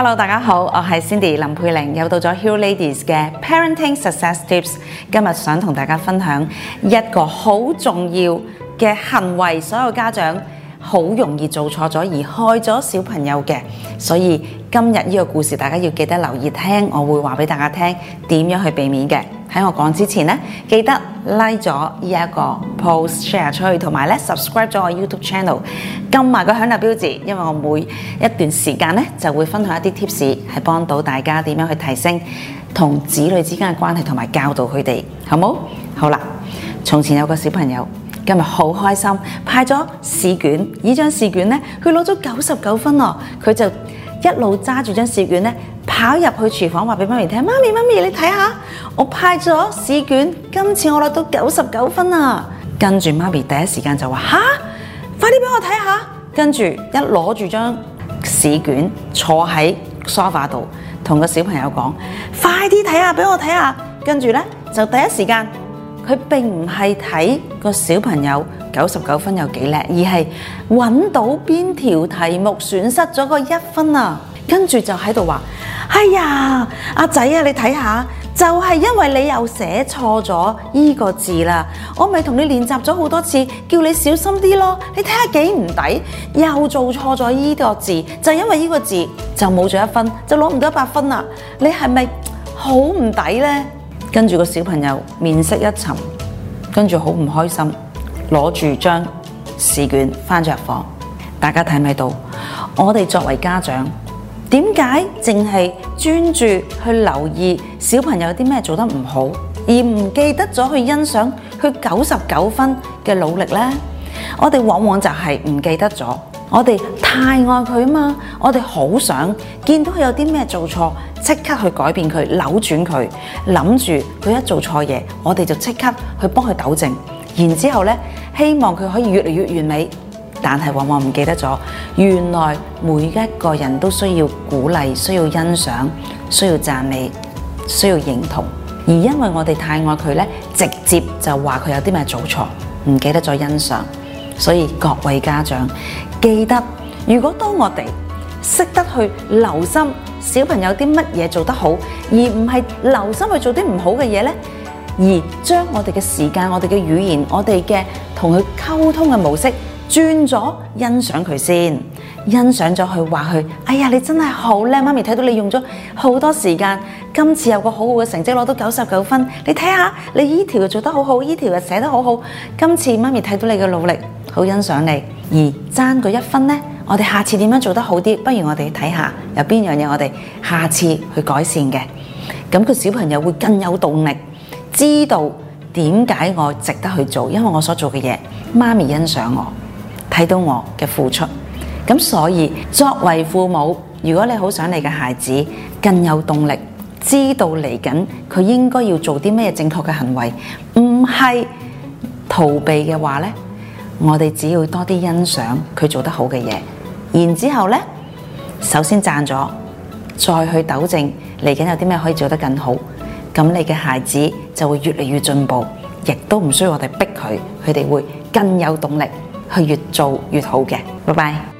Hello，大家好，我係 Cindy 林佩玲，又到咗 Hero Ladies 嘅 Parenting Success Tips。今日想同大家分享一個好重要嘅行為，所有家長好容易做錯咗而害咗小朋友嘅，所以今日呢個故事大家要記得留意聽，我會話俾大家聽點樣去避免嘅。喺我講之前咧，記得拉咗呢一個 post share 出去，同埋咧 subscribe 咗我 YouTube channel，撳埋個響鈴標誌，因為我每一段時間咧就會分享一啲 tips，係幫到大家點樣去提升同子女之間嘅關係，同埋教導佢哋，好冇？好啦，從前有個小朋友今日好開心，派咗試卷，這張試卷呢張試卷咧，佢攞咗九十九分哦，佢就一路揸住張試卷咧。跑入去廚房話俾媽咪聽，媽咪媽咪你睇下，我派咗試卷，今次我攞到九十九分啊！跟住媽咪第一時間就話：吓，快啲俾我睇下！跟住一攞住張試卷坐喺沙發度，同個小朋友講：快啲睇下，俾我睇下！跟住呢，就第一時間，佢並唔係睇個小朋友九十九分有幾叻，而係搵到邊條題目損失咗個一分啊！跟住就喺度話。哎呀，阿仔啊，你睇下，就係因為你又寫錯咗依個字啦，我咪同你練習咗好多次，叫你小心啲咯。你睇下幾唔抵，又做錯咗依個字，就因為呢個字就冇咗一分，就攞唔到一百分啦。你係咪好唔抵咧？跟住個小朋友面色一沉，跟住好唔開心，攞住張試卷翻咗入房。大家睇唔到？我哋作為家長。點解淨係專注去留意小朋友啲咩做得唔好，而唔記得咗去欣賞佢九十九分嘅努力咧？我哋往往就係唔記得咗，我哋太愛佢啊嘛，我哋好想見到佢有啲咩做錯，即刻去改變佢、扭轉佢，諗住佢一做錯嘢，我哋就即刻去幫佢糾正，然之後咧，希望佢可以越嚟越完美。但係往往唔記得咗，原來每一個人都需要鼓勵，需要欣賞，需要讚美，需要認同。而因為我哋太愛佢呢，直接就話佢有啲咩做錯，唔記得咗欣賞。所以各位家長記得，如果當我哋識得去留心小朋友啲乜嘢做得好，而唔係留心去做啲唔好嘅嘢呢，而將我哋嘅時間、我哋嘅語言、我哋嘅同佢溝通嘅模式。轉咗，欣賞佢先，欣賞咗佢話佢，哎呀，你真係好叻，媽咪睇到你用咗好多時間，今次有個好好嘅成績攞到九十九分，你睇下你呢條又做得好好，呢條又寫得好好，今次媽咪睇到你嘅努力，好欣賞你，而爭佢一分呢，我哋下次點樣做得好啲？不如我哋睇下有邊樣嘢我哋下次去改善嘅，咁個小朋友會更有動力，知道點解我值得去做，因為我所做嘅嘢，媽咪欣賞我。睇到我嘅付出，咁所以作為父母，如果你好想你嘅孩子更有動力，知道嚟緊佢應該要做啲咩正確嘅行為，唔係逃避嘅話咧，我哋只要多啲欣賞佢做得好嘅嘢，然之後咧，首先讚咗，再去糾正嚟緊有啲咩可以做得更好，咁你嘅孩子就會越嚟越進步，亦都唔需要我哋逼佢，佢哋會更有動力。去越做越好嘅，拜拜。